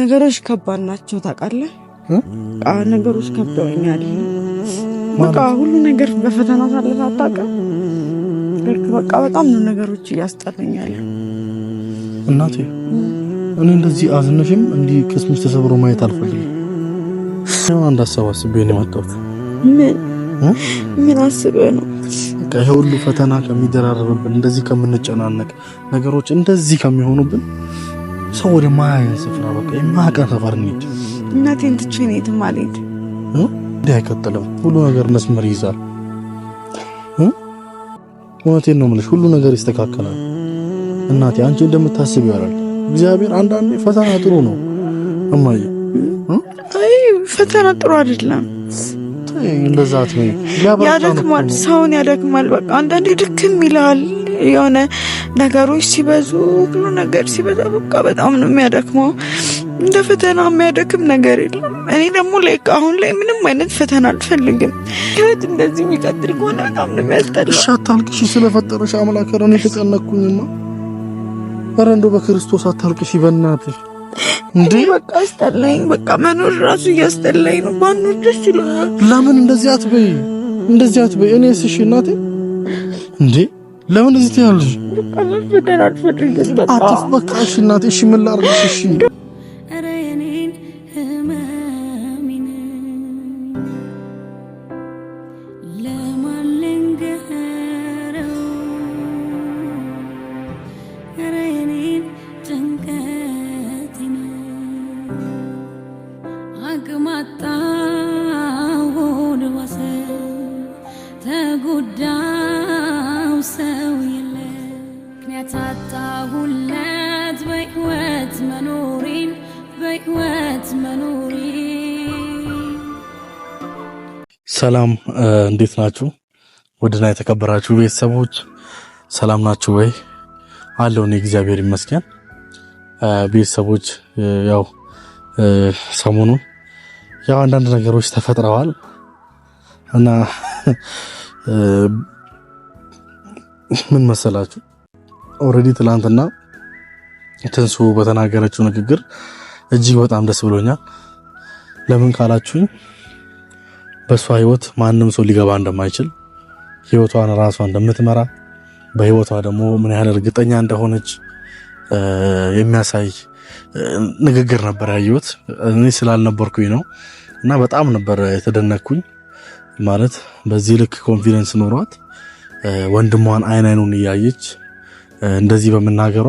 ነገሮች ከባድ ናቸው ታውቃለህ። ነገሮች ከብደውኛል። በቃ ሁሉ ነገር በፈተና ሳለፍ አታውቅም። በቃ በጣም ነው ነገሮች እያስጠላኛል። እናቴ እኔ እንደዚህ አዝነሽም እንዲህ ክስሙስ ተሰብሮ ማየት አልፈልግም። አንድ ሀሳብ አስቤ ነው የመጣሁት። ምን ምን አስበህ ነው? ይሄ ሁሉ ፈተና ከሚደራረብብን፣ እንደዚህ ከምንጨናነቅ፣ ነገሮች እንደዚህ ከሚሆኑብን ሰው ወደ ማያ ስፍራ በቃ የማያውቀን ሰፈር እንሂድ። እናቴን ትቼ ነው የትም አልሄድ። እንዲህ አይቀጥልም። ሁሉ ነገር መስመር ይይዛል። እውነቴን ነው የምልሽ፣ ሁሉ ነገር ይስተካከላል። እናቴ አንቺ እንደምታስብ ይወራል። እግዚአብሔር አንዳንዴ ፈተና ጥሩ ነው እማዬ። አይ ፈተና ጥሩ አይደለም። እንደዛት ነው ያደክማል፣ ሰውን ያደክማል። በቃ አንዳንዴ ድክም ይላል። የሆነ ነገሮች ሲበዙ ሁሉ ነገር ሲበዛ በቃ በጣም ነው የሚያደክመው። እንደ ፈተና የሚያደክም ነገር የለም። እኔ ደግሞ ላይ አሁን ላይ ምንም አይነት ፈተና አልፈልግም። ህይወት እንደዚህ የሚቀጥል ከሆነ በጣም ነው የሚያስጠላ። አታልቅሽ፣ ስለፈጠረሽ አምላክ ረን የተጨነቅኩኝማ። ኧረ እንደው በክርስቶስ አታልቅሽ፣ በእናትሽ እንዴ በቃ አስጠላኝ። በቃ መኖር ራሱ እያስጠላኝ ነው። ባኖር ደስ ይላል። ለምን እንደዚህ አትበይ፣ እንደዚህ አትበይ። እኔ ስሽ እናቴ እንዴ ለምን እዚህ ትያለሽ? በቃ አትፍ በቃ እሺ እናቴ እሺ ምን ላድርግሽ? እሺ ሰላም እንዴት ናችሁ? ውድና የተከበራችሁ ቤተሰቦች ሰላም ናችሁ ወይ? አለውን እግዚአብሔር ይመስገን። ቤተሰቦች ያው ሰሞኑን ያው አንዳንድ ነገሮች ተፈጥረዋል እና ምን መሰላችሁ ኦልሬዲ ትላንትና ትንሱ በተናገረችው ንግግር እጅግ በጣም ደስ ብሎኛል። ለምን ካላችሁኝ በእሷ ህይወት ማንም ሰው ሊገባ እንደማይችል ህይወቷን ራሷ እንደምትመራ በህይወቷ ደግሞ ምን ያህል እርግጠኛ እንደሆነች የሚያሳይ ንግግር ነበር ያየሁት። እኔ ስላልነበርኩኝ ነው እና በጣም ነበር የተደነቅኩኝ። ማለት በዚህ ልክ ኮንፊደንስ ኖሯት ወንድሟን አይን አይኑን እያየች እንደዚህ በመናገሯ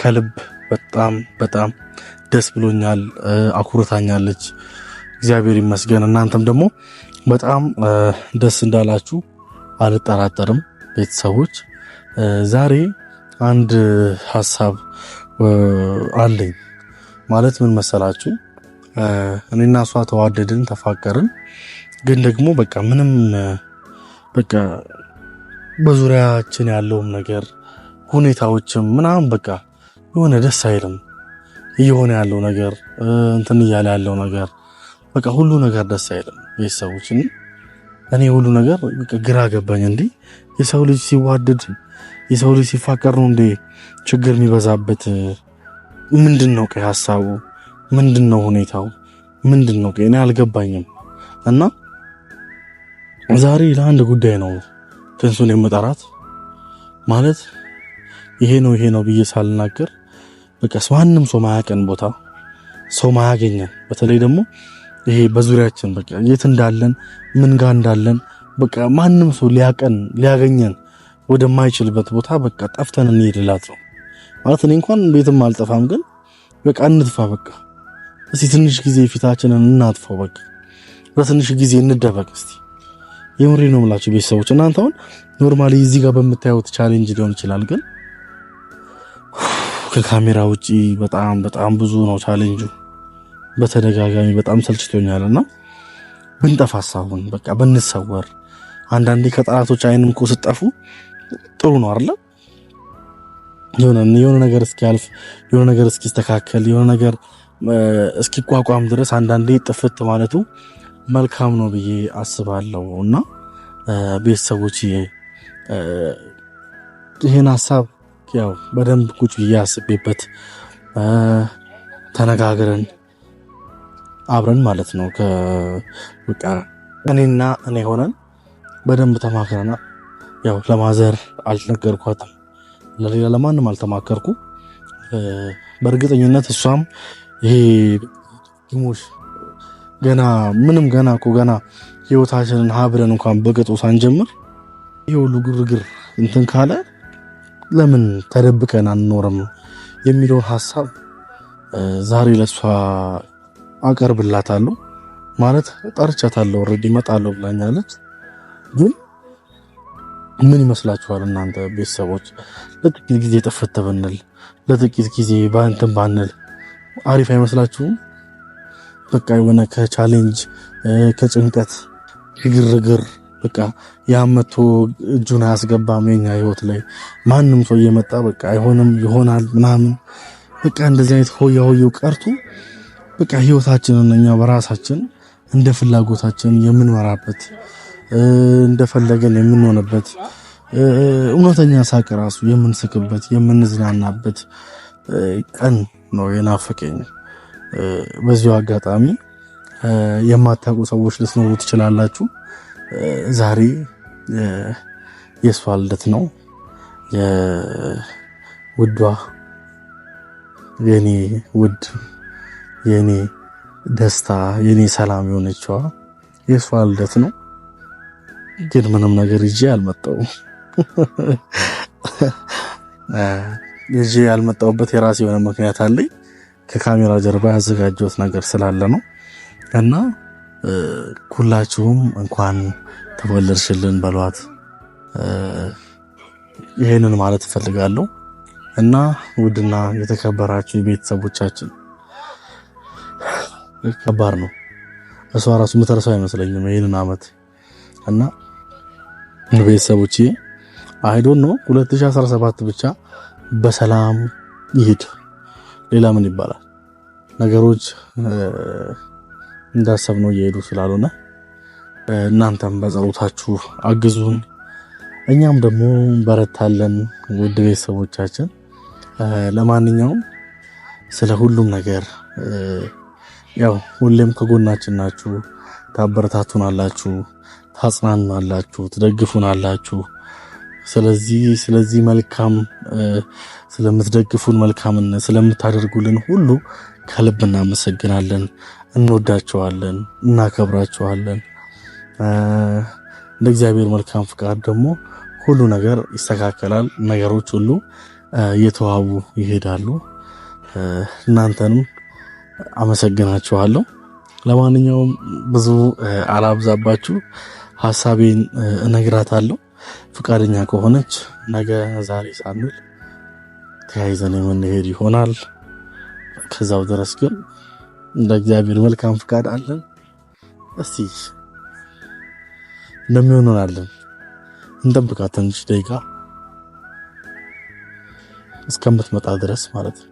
ከልብ በጣም በጣም ደስ ብሎኛል። አኩርታኛለች። እግዚአብሔር ይመስገን። እናንተም ደግሞ በጣም ደስ እንዳላችሁ አልጠራጠርም። ቤተሰቦች ዛሬ አንድ ሀሳብ አለኝ። ማለት ምን መሰላችሁ? እኔና እሷ ተዋደድን፣ ተፋቀርን። ግን ደግሞ በቃ ምንም በቃ በዙሪያችን ያለውም ነገር ሁኔታዎችም ምናምን በቃ የሆነ ደስ አይልም። እየሆነ ያለው ነገር እንትን እያለ ያለው ነገር በቃ ሁሉ ነገር ደስ አይልም። ቤተሰቦች እኔ ሁሉ ነገር ግራ ገባኝ። እንዲህ የሰው ልጅ ሲዋደድ የሰው ልጅ ሲፋቀር ነው እንዴ ችግር የሚበዛበት? ምንድን ነው ቀይ ሀሳቡ ምንድን ነው ሁኔታው ምንድን ነው ቀይ? እኔ አልገባኝም። እና ዛሬ ለአንድ ጉዳይ ነው ትንሱን የምጠራት ማለት ይሄ ነው ይሄ ነው ብዬ ሳልናገር በቃ ማንም ሰው ማያቀን ቦታ ሰው ማያገኘን በተለይ ደግሞ ይሄ በዙሪያችን በቃ የት እንዳለን ምን ጋር እንዳለን በቃ ማንም ሰው ሊያቀን ሊያገኘን ወደማይችልበት ቦታ በቃ ጠፍተን እንሄድላት ነው ማለት። እኔ እንኳን ቤትም አልጠፋም፣ ግን በቃ እንጥፋ፣ በቃ እስቲ ትንሽ ጊዜ ፊታችንን እናጥፋው፣ በቃ በትንሽ ጊዜ እንደበቅ እስቲ። የምሬ ነው የምላችሁ ቤተሰቦች። እናንተ አሁን ኖርማሊ እዚህ ጋር በምታዩት ቻሌንጅ ሊሆን ይችላል፣ ግን ከካሜራ ውጪ በጣም በጣም ብዙ ነው ቻሌንጁ። በተደጋጋሚ በጣም ሰልችቶኛል እና ብንጠፋስ አሁን በቃ ብንሰወር፣ አንዳንዴ ከጠላቶች አይንም እኮ ስጠፉ ጥሩ ነው አይደለ? የሆነ ነገር እስኪያልፍ፣ የሆነ ነገር እስኪስተካከል፣ የሆነ ነገር እስኪቋቋም ድረስ አንዳንዴ ጥፍት ማለቱ መልካም ነው ብዬ አስባለሁ እና ቤተሰቦች ይህን ሀሳብ ያው በደንብ ቁጭ ብዬ አስቤበት ተነጋግረን አብረን ማለት ነው በቃ እኔና እኔ ሆነን በደንብ ተማክረና ያው ለማዘር አልነገርኳትም፣ ለሌላ ለማንም አልተማከርኩ። በእርግጠኝነት እሷም ይሄ ድሞሽ ገና ምንም ገና እኮ ገና ህይወታችንን ሀብረን እንኳን በቅጡ ሳንጀምር ይህ ሁሉ ግርግር እንትን ካለ ለምን ተደብቀን አንኖርም የሚለውን ሀሳብ ዛሬ ለእሷ አቀርብላታለሁ ማለት ጠርቻታለሁ። ኦልሬዲ እመጣለሁ ብላኛለች። ግን ምን ይመስላችኋል እናንተ ቤተሰቦች? ለጥቂት ጊዜ ጥፍት ብንል፣ ለጥቂት ጊዜ ባንትን ባንል አሪፍ አይመስላችሁም? በቃ የሆነ ከቻሌንጅ ከጭንቀት ግርግር በቃ መቶ እጁን አያስገባም የኛ ህይወት ላይ ማንም ሰው እየመጣ በቃ አይሆንም ይሆናል ምናምን በቃ እንደዚህ አይነት ሆያ ሆየው ቀርቶ በቃ ህይወታችንን እኛ በራሳችን እንደ ፍላጎታችን የምንመራበት እንደፈለገን የምንሆንበት እውነተኛ ሳቅ ራሱ የምንስቅበት የምንዝናናበት ቀን ነው የናፈቀኝ። በዚሁ አጋጣሚ የማታውቁ ሰዎች ልትኖሩ ትችላላችሁ። ዛሬ የእሷ ልደት ነው። የውዷ የኔ ውድ የኔ ደስታ የኔ ሰላም የሆነችዋ የእሷ ልደት ነው። ግን ምንም ነገር ይዤ አልመጣሁም። ይዤ ያልመጣሁበት የራሴ የሆነ ምክንያት አለኝ። ከካሜራ ጀርባ ያዘጋጀሁት ነገር ስላለ ነው እና ሁላችሁም እንኳን ተወለድሽልን በሏት። ይህንን ማለት እፈልጋለሁ እና ውድና የተከበራችሁ የቤተሰቦቻችን ከባድ ነው። እሷ ራሱ የምትረሳው አይመስለኝም ይህንን አመት እና ቤተሰቦቼ አይዶን ነው 2017 ብቻ በሰላም ይሄድ። ሌላ ምን ይባላል? ነገሮች እንዳሰብነው እየሄዱ ስላልሆነ እናንተም በጸሎታችሁ አግዙን፣ እኛም ደግሞ በረታለን። ውድ ቤተሰቦቻችን ለማንኛውም ስለ ሁሉም ነገር ያው ሁሌም ከጎናችን ናችሁ፣ ታበረታቱን አላችሁ፣ ታጽናኑን አላችሁ፣ ትደግፉን አላችሁ። ስለዚህ ስለዚህ መልካም ስለምትደግፉን መልካምነት ስለምታደርጉልን ሁሉ ከልብ እናመሰግናለን። እንወዳቸዋለን እናከብራቸዋለን እንደ እግዚአብሔር መልካም ፍቃድ ደግሞ ሁሉ ነገር ይስተካከላል። ነገሮች ሁሉ እየተዋቡ ይሄዳሉ። እናንተንም አመሰግናችኋለሁ። ለማንኛውም ብዙ አላብዛባችሁ፣ ሀሳቤን እነግራታለሁ። ፍቃደኛ ከሆነች ነገ ዛሬ ሳንል ተያይዘን የምንሄድ ይሆናል። ከዛው ድረስ ግን እንደ እግዚአብሔር መልካም ፍቃድ አለን። እስቲ እንደሚሆንናለን ሆናለን። ትንሽ ደቂቃ እስከምትመጣ ድረስ ማለት ነው።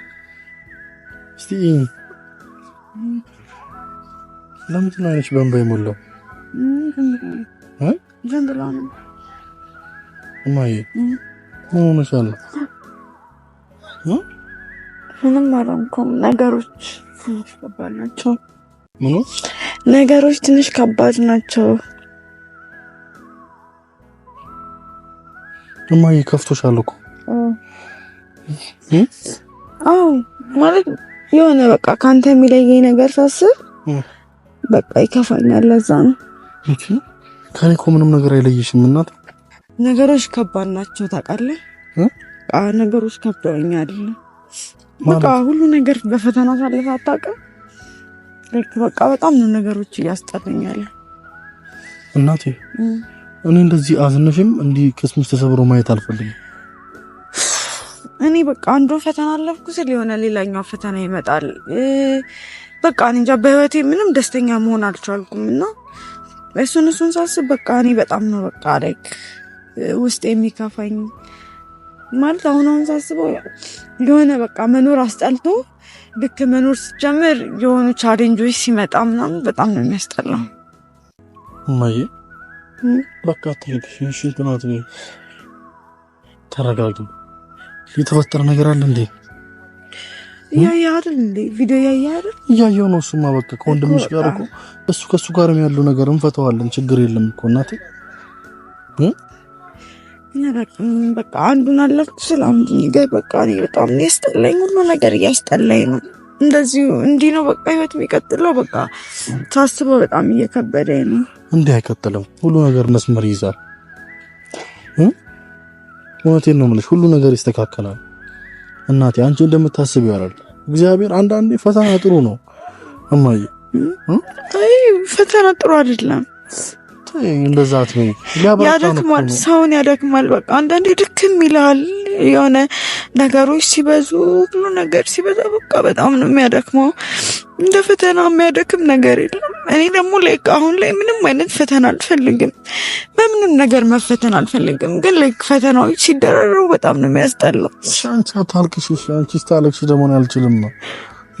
ለምንድን አይነች በእንባ የሞላው? እማዬ ምን ሆነሻል? ምንም አልሆንኩም። ነገሮች ትንሽ ከባድ ናቸው። ምኑ ነገሮች ትንሽ ከባድ ናቸው። እማዬ ከፍቶሻል እኮ አዎ ማለት የሆነ በቃ ከአንተ የሚለየኝ ነገር ሳስብ በቃ ይከፋኛል። ለዛ ነው ከኔ እኮ ምንም ነገር አይለይሽም። እናት ነገሮች ከባድ ናቸው ታውቃለህ። ነገሮች ከብደውኛል። በቃ ሁሉ ነገር በፈተና ሳለፈ አታውቅም። በቃ በጣም ነው ነገሮች እያስጠላኛል እናቴ። እኔ እንደዚህ አዝነሽም እንዲህ ክስሙስ ተሰብሮ ማየት አልፈልግም። እኔ በቃ አንዱ ፈተና አለፍኩ ስል የሆነ ሌላኛው ፈተና ይመጣል። በቃ እንጃ በህይወቴ ምንም ደስተኛ መሆን አልቻልኩም እና እሱን እሱን ሳስብ በቃ እኔ በጣም ነው በቃ ላይክ ውስጥ የሚከፋኝ ማለት አሁን አሁን ሳስበው የሆነ በቃ መኖር አስጠልቶ ልክ መኖር ስጀምር የሆኑ ቻሌንጆች ሲመጣ ምናምን በጣም ነው የሚያስጠላው። እማዬ በቃ ተረጋጊ የተፈጠረ ነገር አለ እንዴ? እያየህ አይደል እንዴ? ቪዲዮ እያየህ አይደል? እያየሁ ነው። እሱማ በቃ ከወንድምሽ ጋር እኮ እሱ ከእሱ ጋርም ያለው ነገር እንፈተዋለን። ችግር የለም እኮ እናቴ። በቃ አንዱን አላችሁ ሰላም አንዱ ነገር በቃ እኔ በጣም ነው ያስጠላኝ፣ ሁሉ ነገር እያስጠላኝ ነው። እንደዚሁ እንዲህ ነው በቃ ህይወት የሚቀጥለው። በቃ ሳስበው በጣም እየከበደኝ ነው። እንዲህ አይቀጥልም። ሁሉ ነገር መስመር ይይዛል። እውነቴን ነው የምልሽ፣ ሁሉ ነገር ይስተካከላል። እናቴ አንቺ እንደምታስቢው ይወራል። እግዚአብሔር አንዳንዴ ፈተና ጥሩ ነው እማዬ። አይ ፈተና ጥሩ አይደለም። እንደዛት አትበይ። ያደክማል፣ ሰውን ያደክማል። በቃ አንዳንዴ ድክም ይላል። የሆነ ነገሮች ሲበዙ ሁሉ ነገር ሲበዛ በቃ በጣም ነው የሚያደክመው። እንደ ፈተና የሚያደክም ነገር የለም። እኔ ደግሞ ላይክ አሁን ላይ ምንም አይነት ፈተና አልፈልግም፣ በምንም ነገር መፈተን አልፈልግም። ግን ላይክ ፈተናዎች ሲደረሩ በጣም ነው የሚያስጠላው። አንቺ አታልቅሽ፣ አንቺ ስታለቅሽ ደግሞ አልችልም ነው።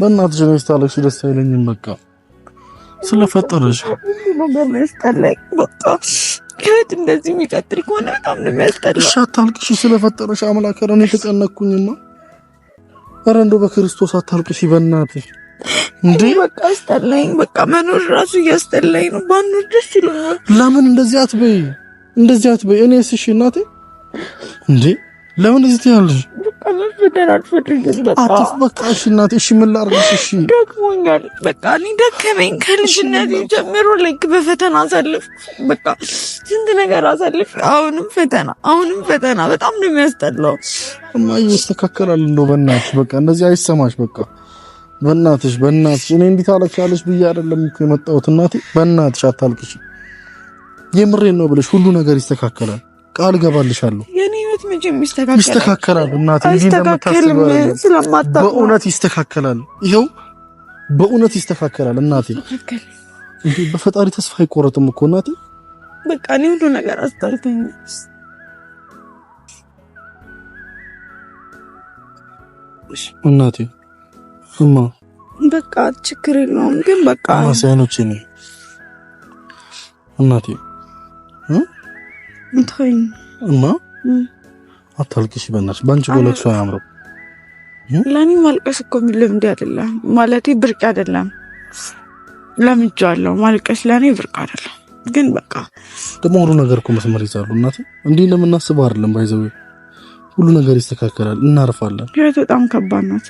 በእናትሽ ነው ስታለቅሽ ደስ አይለኝም በቃ ስለፈጠረሽ ነገር ያስጠላኝ። በቃ ከት እንደዚህ የሚቀጥል ከሆነ በጣም ነው የሚያስጠላው። እሺ አታልቅሽ፣ ስለፈጠረሽ አምላክ ረን የተጨነኩኝማ። ኧረ እንደው በክርስቶስ አታልቅሽ በእናትሽ እንዴ! በቃ ያስጠላኝ። በቃ መኖር ራሱ እያስጠላኝ ነው። ባኖር ደስ ይለኛል። ለምን እንደዚህ አትበይ፣ እንደዚህ አትበይ። እኔስ እሺ እናቴ፣ እንዴ ለምን እዚህ ትያለሽ? አትፍ በቃሽ፣ እሺ፣ ምን ላድርግሽ? እሺ ደክሞኛል፣ በቃ እኔ ደከመኝ። ጀምሮ ልክ በፈተና አሳልፍ፣ በቃ ስንት ነገር አሳልፍ። አሁንም ፈተና፣ አሁንም ፈተና። በጣም ነው የሚያስጠላው። እማ ይስተካከላል፣ እንደው በእናትሽ በቃ እንደዚህ አይሰማሽ። በቃ በእናትሽ በእናትሽ፣ እኔ እንዲህ ታለቅሻለሽ ብዬ አይደለም እኮ የመጣሁት እናቴ። በእናትሽ አታልቅሽ፣ የምሬን ነው ብለሽ ሁሉ ነገር ይስተካከላል፣ ቃል እገባልሻለሁ። መቼም ይስተካከላል። እናቴ አይስተካከልም ስለማታ በእውነት ይስተካከላል። ይኸው በእውነት ይስተካከላል። እናቴ እንዴ በፈጣሪ ተስፋ አይቆረጥም እኮ እናቴ። በቃ እኔ ሁሉ ነገር አስታልተኝ እናቴ እማ በቃ ችግር የለውም ግን በቃ ማሳይኖች እኔ እናቴ እማ አታልቅሽ በእናትሽ። በአንቺ ለቅሶ አያምረው። ለእኔ ማልቀስ እኮ ልምድ አይደለም ማለቴ ብርቅ አይደለም። ለምጄዋለሁ። ማልቀስ ለእኔ ብርቅ አይደለም። ግን በቃ ደሞሩ ነገር እኮ መስመር ይዛሉ። እናቴ እንዲህ እንደምናስበው አይደለም። ባይዘው ሁሉ ነገር ይስተካከላል። እናርፋለን። ህይወት በጣም ከባድ ናት።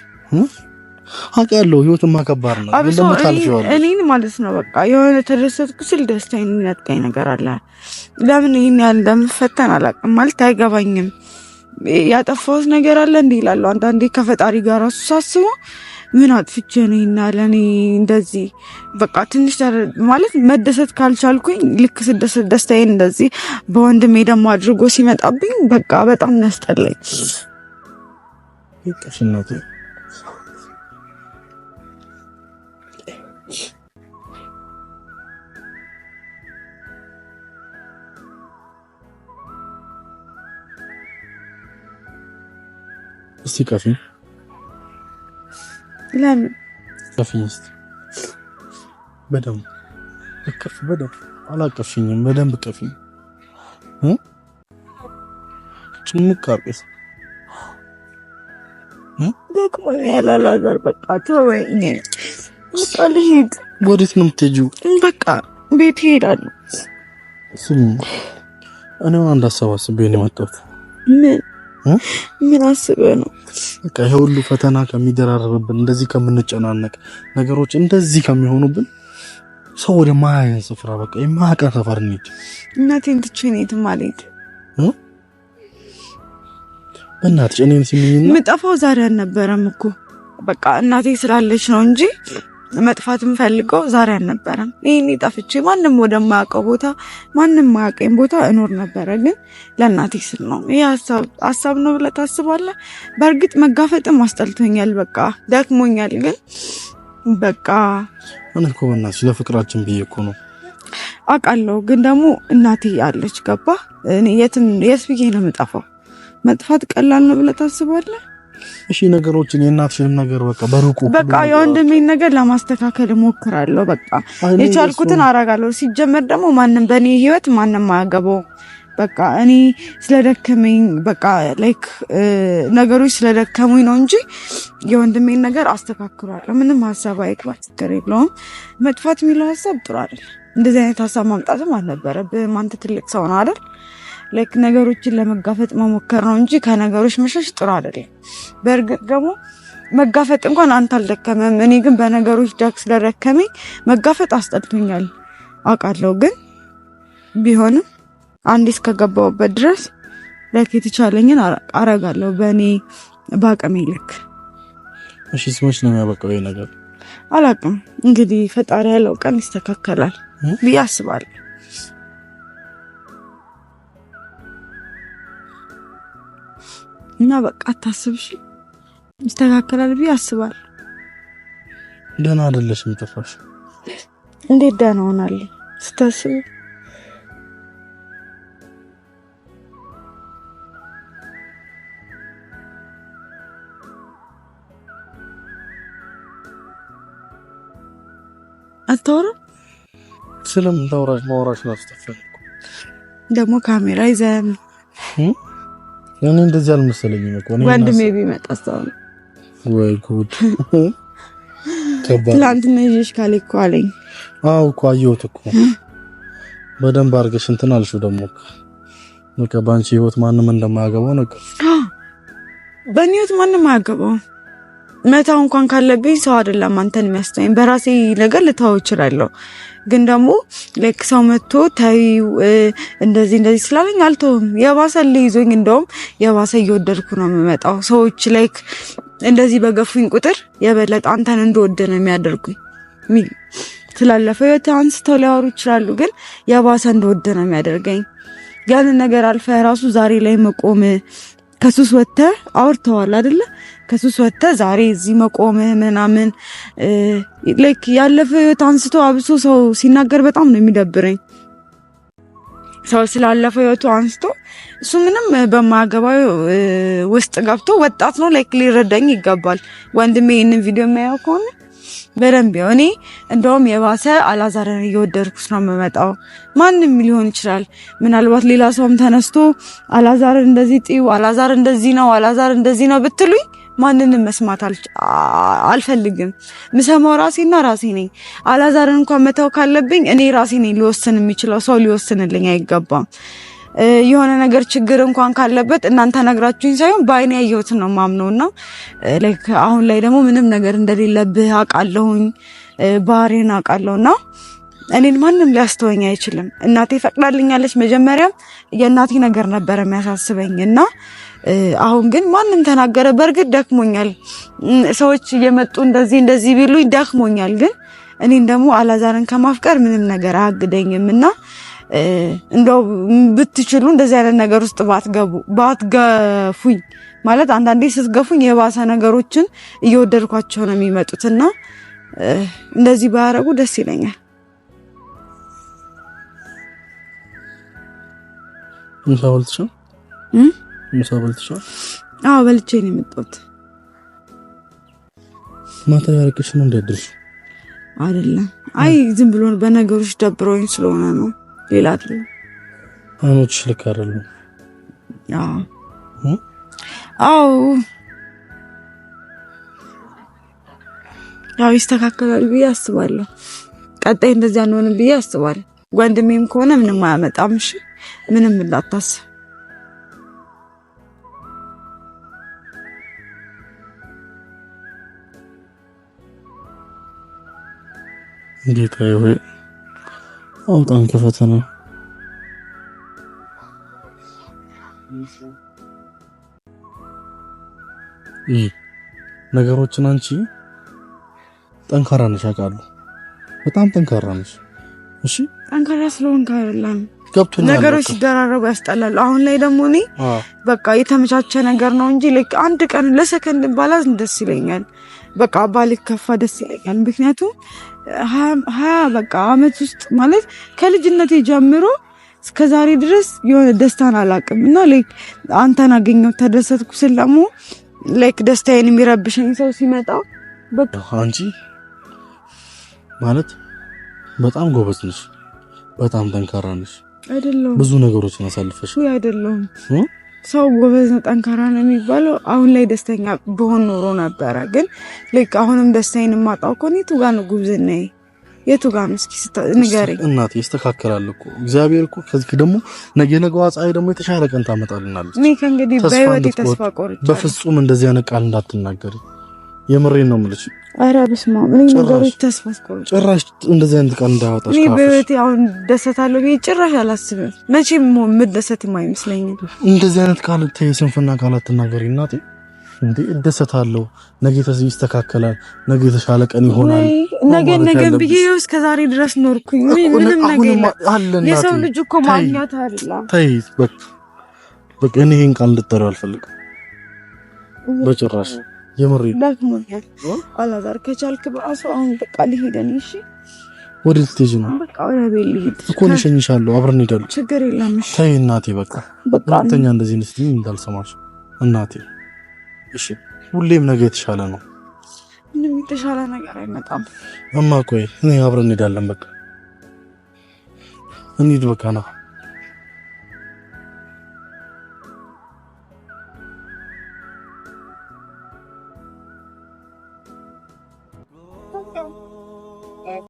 አቅ ያለው ህይወትማ ከባድ ነው። እኔን ማለት ነው በቃ የሆነ ተደሰትኩ ስል ደስታ የሚነጥቀኝ ነገር አለ። ለምን ይህን ያህል እንደምፈተን አላውቅም። ማለት አይገባኝም። ያጠፋሁት ነገር አለ እንዲ ይላሉ። አንዳንዴ ከፈጣሪ ጋር ራሱ ሳስበው ምን አጥፍቼ ነኝና ለእኔ እንደዚህ በቃ ትንሽ ማለት መደሰት ካልቻልኩኝ ልክ ስደሰት ደስታዬን እንደዚህ በወንድሜ ደግሞ አድርጎ ሲመጣብኝ በቃ በጣም ነስጠለኝ ቀሽነቴ እስቲ ቀፊኝ። ለምን ቀፊኝ? እስቲ በደንብ እቅፍ። በደንብ አላቀፊኝም። በደንብ ቀፊኝ። ጭምቅ አርቄስ ደግሞ ያላላዛር በቃ ተወኝ። በቃ ልሂድ። ወዴት ነው የምትሄጂው? በቃ ቤት እሄዳለሁ። ስሚ፣ እኔ አንድ አሳብ አስቤ ነው የመጣሁት። ምን ምን አስበ ነው? በቃ ይሄ ሁሉ ፈተና ከሚደራረብብን፣ እንደዚህ ከምንጨናነቅ፣ ነገሮች እንደዚህ ከሚሆኑብን ሰው ወደ ማያ ስፍራ በቃ የማያውቀን ሰፈር እንሂድ። እናቴን ትቼ ነው የትም አልሄድም። በእናትሽ እኔን ስሚኝ፣ የምጠፋው ዛሬ አልነበረም እኮ በቃ እናቴ ስላለች ነው እንጂ መጥፋት የምፈልገው ዛሬ አልነበረም። ይህኔ ጠፍቼ ማንም ወደማያውቀው ቦታ ማንም ማያውቀኝ ቦታ እኖር ነበረ፣ ግን ለእናቴ ስል ነው። ይህ ሀሳብ ነው ብለህ ታስባለህ? በእርግጥ መጋፈጥም አስጠልቶኛል፣ በቃ ደክሞኛል። ግን በቃ ምን እኮ በእናትሽ ለፍቅራችን ብዬ እኮ ነው አውቃለሁ። ግን ደግሞ እናቴ አለች፣ ገባህ? የት ብዬ ነው የምጠፋው? መጥፋት ቀላል ነው ብለህ ታስባለህ? እሺ ነገሮችን የእናትሽንም ነገር በቃ በሩቁ በቃ የወንድሜን ነገር ለማስተካከል እሞክራለሁ። በቃ የቻልኩትን አረጋለሁ። ሲጀመር ደግሞ ማንም በእኔ ህይወት ማንም አያገባው። በቃ እኔ ስለደከመኝ በቃ ላይክ ነገሮች ስለደከሙኝ ነው እንጂ የወንድሜን ነገር አስተካክሏለሁ። ምንም ሀሳብ አይግባ፣ ችግር የለውም። መጥፋት የሚለው ሀሳብ ጥሩ አይደል። እንደዚህ አይነት ሀሳብ ማምጣትም አልነበረብህም። አንተ ትልቅ ሰው ነው አይደል ላይክ ነገሮችን ለመጋፈጥ መሞከር ነው እንጂ ከነገሮች መሸሽ ጥሩ አይደለም። በእርግጥ ደግሞ መጋፈጥ እንኳን አንተ አልደከመም። እኔ ግን በነገሮች ዳክ ስለደከመኝ መጋፈጥ አስጠልቶኛል አውቃለሁ። ግን ቢሆንም አንዴ እስከገባሁበት ድረስ ላይክ የተቻለኝን አረጋለሁ በእኔ በአቅሜ ልክ። እሺ ስሞች ነው የሚያበቃው ነገር አላውቅም። እንግዲህ ፈጣሪ ያለው ቀን ይስተካከላል ብዬ አስባለሁ። እና በቃ አታስብሽ፣ ይስተካከላል ብዬ አስባለሁ። ደህና አይደለሽም ጠፋሽ። እንዴት ደህና ሆናለሁ ስታስብ አታወራም። ስለምን ታወራሽ? ማውራሽ ነው አስጠፋኝ። ደግሞ ካሜራ ይዘን እኔ እንደዚህ አልመሰለኝም እኮ ወንድሜ ቢመጣ ወይ ጉድ። ትላንትና ይዤሽ ካሌ እኮ አለኝ። አዎ እኮ አየሁት እኮ በደንብ አድርገሽ እንትን አልሽው። ደግሞ በቃ በአንቺ ህይወት ማንም እንደማያገባው ነገር በእኔ ህይወት ማንም አያገባው መታው እንኳን ካለብኝ ሰው አይደለም አንተን የሚያስተኝ በራሴ ነገር ልታው እችላለሁ። ግን ደግሞ ላይክ ሰው መጥቶ ተይው እንደዚህ እንደዚህ ስላለኝ አልተውም። የባሰ ይዞኝ እንደውም የባሰ እየወደድኩ ነው የምመጣው። ሰዎች ላይክ እንደዚህ በገፉኝ ቁጥር የበለጠ አንተን እንደወደ ነው የሚያደርጉኝ። ስላለፈው ህይወት አንስተው ሊያወሩ ይችላሉ፣ ግን የባሰ እንደወደ ነው የሚያደርገኝ። ያንን ነገር አልፈ ራሱ ዛሬ ላይ መቆም ከሱስ ወጥተህ አውርተዋል አይደለም ከሱስ ወጥተህ ዛሬ እዚህ መቆምህ ምናምን ላይክ ያለፈ ህይወት አንስቶ አብሶ ሰው ሲናገር በጣም ነው የሚደብረኝ። ሰው ስላለፈ ህይወቱ አንስቶ እሱ ምንም በማያገባው ውስጥ ገብቶ ወጣት ነው ላይክ ሊረዳኝ ይገባል። ወንድሜ ይህንን ቪዲዮ የሚያየው ከሆነ በደንብ እኔ እንደውም የባሰ አላዛርን እየወደድኩት ነው የምመጣው። ማንም ሊሆን ይችላል። ምናልባት ሌላ ሰውም ተነስቶ አላዛር እንደዚህ ጥዩ፣ አላዛር እንደዚህ ነው፣ አላዛር እንደዚህ ነው ብትሉኝ ማንንም መስማት አልፈልግም። ምሰማው ራሴና ራሴ ነኝ። አላዛርን እንኳን መተው ካለብኝ እኔ ራሴ ነኝ ሊወስን የሚችለው ሰው ሊወስንልኝ አይገባም። የሆነ ነገር ችግር እንኳን ካለበት እናንተ ነግራችሁኝ ሳይሆን በአይኔ ያየሁትን ነው ማምነው ላይክ አሁን ላይ ደግሞ ምንም ነገር እንደሌለብህ አውቃለሁኝ፣ ባህሪን አውቃለሁና እኔን ማንም ሊያስተወኝ አይችልም። እናቴ ፈቅዳልኛለች። መጀመሪያም የእናቴ ነገር ነበረ የሚያሳስበኝ እና አሁን ግን ማንም ተናገረ። በእርግጥ ደክሞኛል። ሰዎች እየመጡ እንደዚህ እንደዚህ ቢሉኝ ደክሞኛል። ግን እኔን ደግሞ አላዛርን ከማፍቀር ምንም ነገር አያግደኝም እና እንደው ብትችሉ እንደዚህ አይነት ነገር ውስጥ ባትገቡ ባትገፉኝ። ማለት አንዳንዴ ስትገፉኝ የባሰ ነገሮችን እየወደድኳቸው ነው የሚመጡትና እንደዚህ ባያረጉ ደስ ይለኛል። ምሳ ምሳ አዎ በልቼ ነው የመጣሁት። ማታ ነው አይደለም። አይ ዝም ብሎ በነገሮች ደብረውኝ ስለሆነ ነው። ሌላ አይደለም። አይኖችሽ ልክ አይደለም። አዎ ያው ይስተካከላል ብዬ አስባለሁ። ቀጣይ እንደዚያ አንሆንም ብዬ አስባለሁ። ጓደኛዬም ከሆነ ምንም አያመጣም። እሺ ምንም ላታስብ። ጌታዬ ሆይ አውጣን ከፈተና ይህ ነገሮችን አንቺ ጠንካራ ነሽ፣ አውቃለሁ። በጣም ጠንካራ ነሽ። እሺ ጠንካራ ስለሆንክ አይደለም ገብቶኛል። ነገሮች ሲደራረቡ ያስጠላሉ። አሁን ላይ ደግሞ እኔ በቃ የተመቻቸ ነገር ነው እንጂ ላይክ አንድ ቀን ለሰከንድ ባላዝን ደስ ይለኛል። በቃ ባልከፋ ደስ ይለኛል። ምክንያቱም ሀያ በቃ አመት ውስጥ ማለት ከልጅነቴ ጀምሮ እስከ ዛሬ ድረስ የሆነ ደስታን አላውቅም እና ላይክ አንተን አገኘው ተደሰትኩ ስል ደግሞ ላይክ ደስታዬን የሚረብሸኝ ሰው ሲመጣ አንቺ ማለት በጣም ጎበዝ ነሽ፣ በጣም ጠንካራ ነሽ። ብዙ ነገሮችን አሳልፈሽ አይደለሁም። ሰው ጎበዝ ነው ጠንካራ ነው የሚባለው። አሁን ላይ ደስተኛ በሆን ኖሮ ነበረ። ግን ልክ አሁንም ደስታዬን የማጣው እኮ የቱ ጋ ነው ጉብዝና የቱ ጋ ነው? እስኪ ንገረኝ እናቴ። ይስተካከላል እኮ እግዚአብሔር እኮ ከዚህ ደግሞ ነገ ነገዋ ፀሐይ ደግሞ የተሻለ ቀን ታመጣልናለች። እኔ ከእንግዲህ በህይወቴ ተስፋ ቆርጫለሁ። በፍጹም እንደዚህ አይነት ቃል እንዳትናገሪ፣ የምሬን ነው የምልሽ አረ በስመ አብ እኔ ነገሮች ተስፋ ጭራሽ እንደዚህ አይነት ቀን እንዳያወጣሽ እኔ በህይወቴ አሁን ደሰታለሁ ብዬ ጭራሽ አላስብም። መቼም የምደሰትም አይመስለኝም። እንደዚህ አይነት ቃል ተይ፣ ስንፍና ቃላት ትናገሪ እናቴ። እንዴ እደሰታለሁ፣ ነገ ተስ ይስተካከላል፣ ነገ የተሻለ ቀን ይሆናል፣ ነገ ነገ ብዬ እስከ ዛሬ ድረስ ኖርኩኝ። ምንም ነገ የሰው ልጅ እኮ ማግኘት አይደለም ተይ በቃ በቃ፣ እኔ ይሄን ቃል እንድትጠሪው አልፈልግም በጭራሽ። የምሬ ደክሞኛል። አላዛር ከቻልክ በአሱ አሁን በቃ ሊሄደን እሺ። ወደ ልትሄጂ ነው? በቃ ወደ ቤት ልሂድ እኮ ልሸኝሻለሁ። አብረን እንሄዳለን። ችግር የለም። እሺ ተይ እናቴ፣ በቃ ሁለተኛ እንደዚህ እንስቲ እንዳልሰማሽ እናቴ። እሺ ሁሌም ነገ የተሻለ ነው። ምንም የተሻለ ነገር አይመጣም። እማ ቆይ እኔ አብረን እንሄዳለን። በቃ እንሂድ፣ በቃ ነው